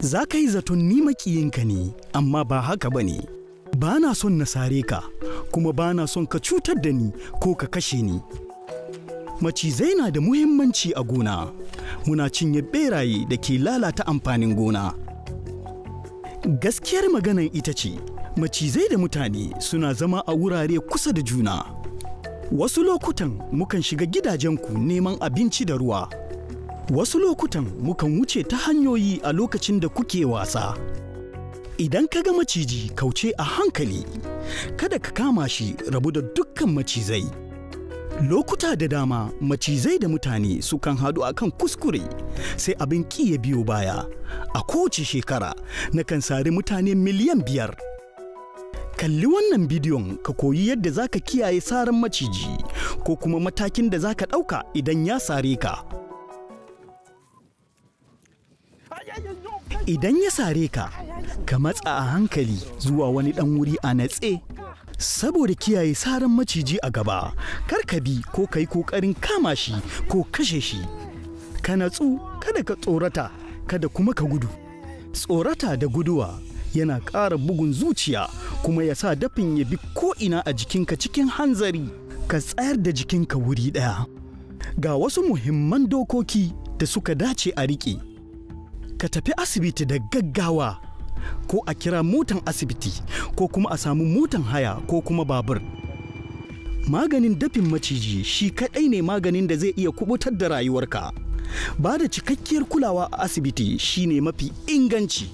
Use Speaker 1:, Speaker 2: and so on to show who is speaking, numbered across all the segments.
Speaker 1: za ka yi zaton ni ka ne amma ba haka ba ne ba na son na sare ka kuma ba na son ka cutar da ni ko ka kashe ni macizai na da muhimmanci a gona muna cinye beraye da ke lalata amfanin gona gaskiyar maganan ita ce macizai da mutane suna zama a wurare kusa da juna wasu lokutan mukan shiga gidajenku neman abinci da ruwa Wasu lokutan mukan wuce ta hanyoyi a lokacin da kuke wasa. Idan ka ga maciji kauce a hankali, kada ka kama shi rabu da dukkan macizai. Lokuta da dama macizai da mutane sukan haɗu a kan kuskure sai abin ƙi ya biyo baya. A kowace shekara nakan sari mutane miliyan biyar. kalli wannan bidiyon ka koyi yadda za ka kiyaye saran maciji ko kuma matakin da za ka ɗauka idan ya sare ka. idan ya sare ka ka matsa a hankali zuwa wani ɗan wuri a natse saboda kiyaye saran maciji a gaba kar ka bi ko ka yi ƙoƙarin kama shi ko kashe shi ka natsu kada ka tsorata kada kuma ka gudu tsorata da guduwa yana ƙara bugun zuciya kuma ya sa dafin ya bi ko'ina a jikinka cikin hanzari ka tsayar da jikinka wuri ɗaya ga wasu muhimman dokoki da suka dace a riƙe ka tafi asibiti da gaggawa ko a kira motan asibiti ko kuma a samu motan haya ko kuma babur maganin dafin maciji shi kaɗai ne maganin da zai iya kubutar da rayuwarka ba da cikakkiyar kulawa a asibiti shi ne mafi inganci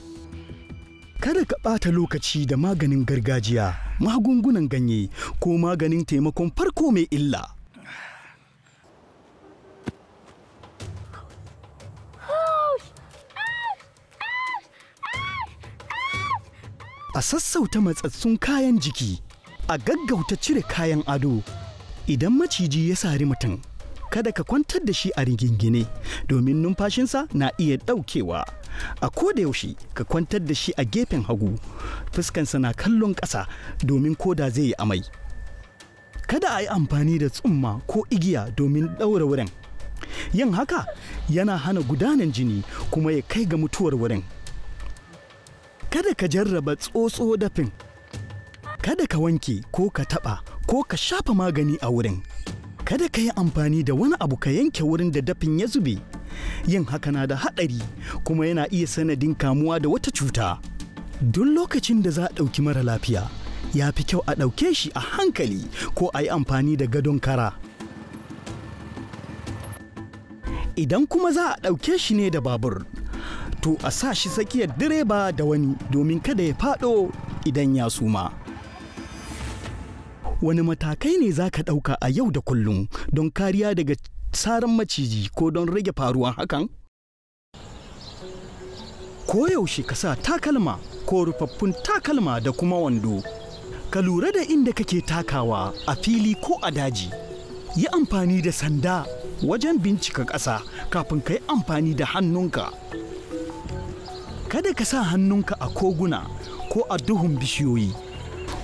Speaker 1: kada ka ɓata lokaci da maganin gargajiya magungunan ganye ko maganin taimakon farko mai illa a sassauta matsatsun kayan jiki a gaggauta cire kayan ado idan maciji ya sari mutum kada ka kwantar da shi a rigingine domin numfashinsa na iya ɗaukewa a yaushe ka kwantar da shi a gefen hagu fuskansa na kallon ƙasa domin koda zai yi amai kada a yi amfani da tsumma ko igiya domin ɗaura wurin yin haka yana hana gudanan jini kuma ya kai ga mutuwar wurin kada ka jarraba tsotso dafin kada ka wanke ko ka taɓa ko ka shafa magani a wurin kada ka yi amfani da wani abu ka yanke wurin da dafin ya zube yin haka na da haɗari kuma yana iya sanadin kamuwa da wata cuta duk lokacin da za a ɗauki mara lafiya ya fi kyau a ɗauke shi a hankali ko a yi amfani da gadon kara idan kuma za a ɗauke shi ne da babur to a sa shi tsakiyar direba da wani domin kada ya faɗo idan ya suma. Wani matakai ne za ka ɗauka a yau da kullum don kariya daga saran maciji ko don rage faruwan hakan? Koyaushe ka sa takalma ko rufaffun takalma da kuma wando. Ka lura da inda kake takawa a fili ko a daji. Yi amfani da sanda wajen bincika ƙasa kafin ka yi amfani da hannunka. kada ka sa hannunka a koguna ko a duhun bishiyoyi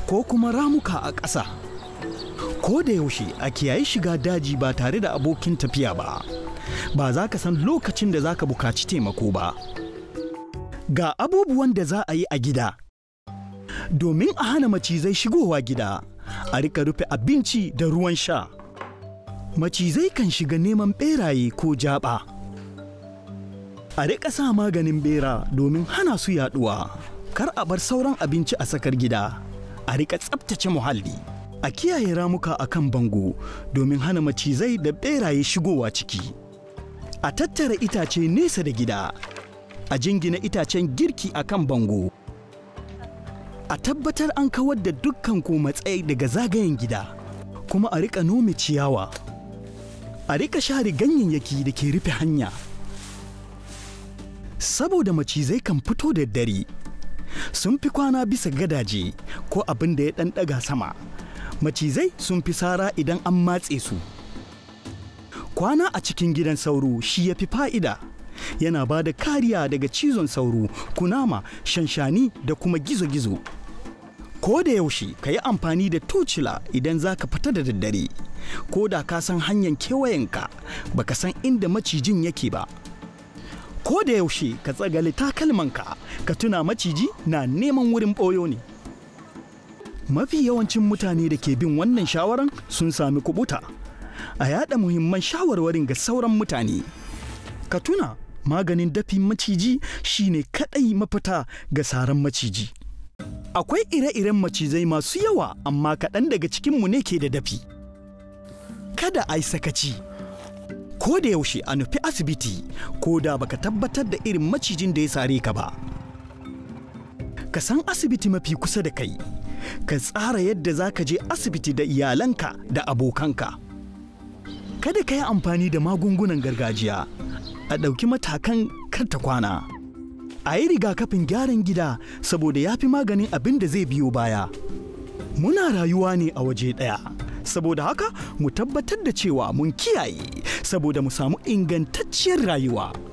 Speaker 1: ko kuma ramuka a ƙasa ko da yaushe a kiyayi shiga daji ba tare da abokin tafiya ba ba za ka san lokacin da za ka bukaci taimako ba ga abubuwan da za a yi a gida domin a hana macizai shigowa gida a rika rufe abinci da ruwan sha macizai kan shiga neman beraye ko jaba a riƙa sa maganin bera domin hana su yaɗuwa. Kar a bar sauran abinci a sakar gida, a riƙa tsabtace muhalli. A kiyaye ramuka a kan bango domin hana macizai da beraye shigowa ciki. A tattara itace nesa da gida, a jingina itacen girki a kan bango. A tabbatar an kawar da dukkan ko matsayi daga zagayen gida, kuma a riƙa nome ciyawa. A riƙa share ganyayyaki da ke rufe hanya. saboda macizai kan fito da dare sun fi kwana bisa gadaje ko abin da ya ɗan ɗaga sama macizai sun fi sara idan an matse su kwana a cikin gidan sauro shi ya fi fa'ida yana ba da kariya daga cizon sauro kunama shanshani da kuma gizo-gizo ko da yaushe ka yi amfani da tocila idan za ka fita da daddare ko da ka san hanyar kewayenka baka san inda macijin yake ba ko da yaushe ka tsagali takalmanka ka tuna maciji na neman wurin ɓoyo ne mafi yawancin mutane da ke bin wannan shawaran sun sami kubuta a yada muhimman shawarwarin ga sauran mutane ka tuna maganin dafin maciji shine kadai mafita ga saran maciji akwai ire-iren macizai masu yawa amma kaɗan daga cikinmu ne ke da dafi kada ai sakaci ko da yaushe a nufi asibiti ko da baka tabbatar da irin macijin da ya sare ka ba ka san asibiti mafi kusa da kai ka tsara yadda za ka je asibiti da iyalanka da abokanka kada ka yi amfani da magungunan gargajiya a ɗauki matakan karta kwana a yi rigakafin gyaran gida saboda ya fi maganin abin da zai biyo baya muna rayuwa ne a waje ɗaya saboda haka mu tabbatar da cewa mun kiyaye saboda mu samu ingantacciyar rayuwa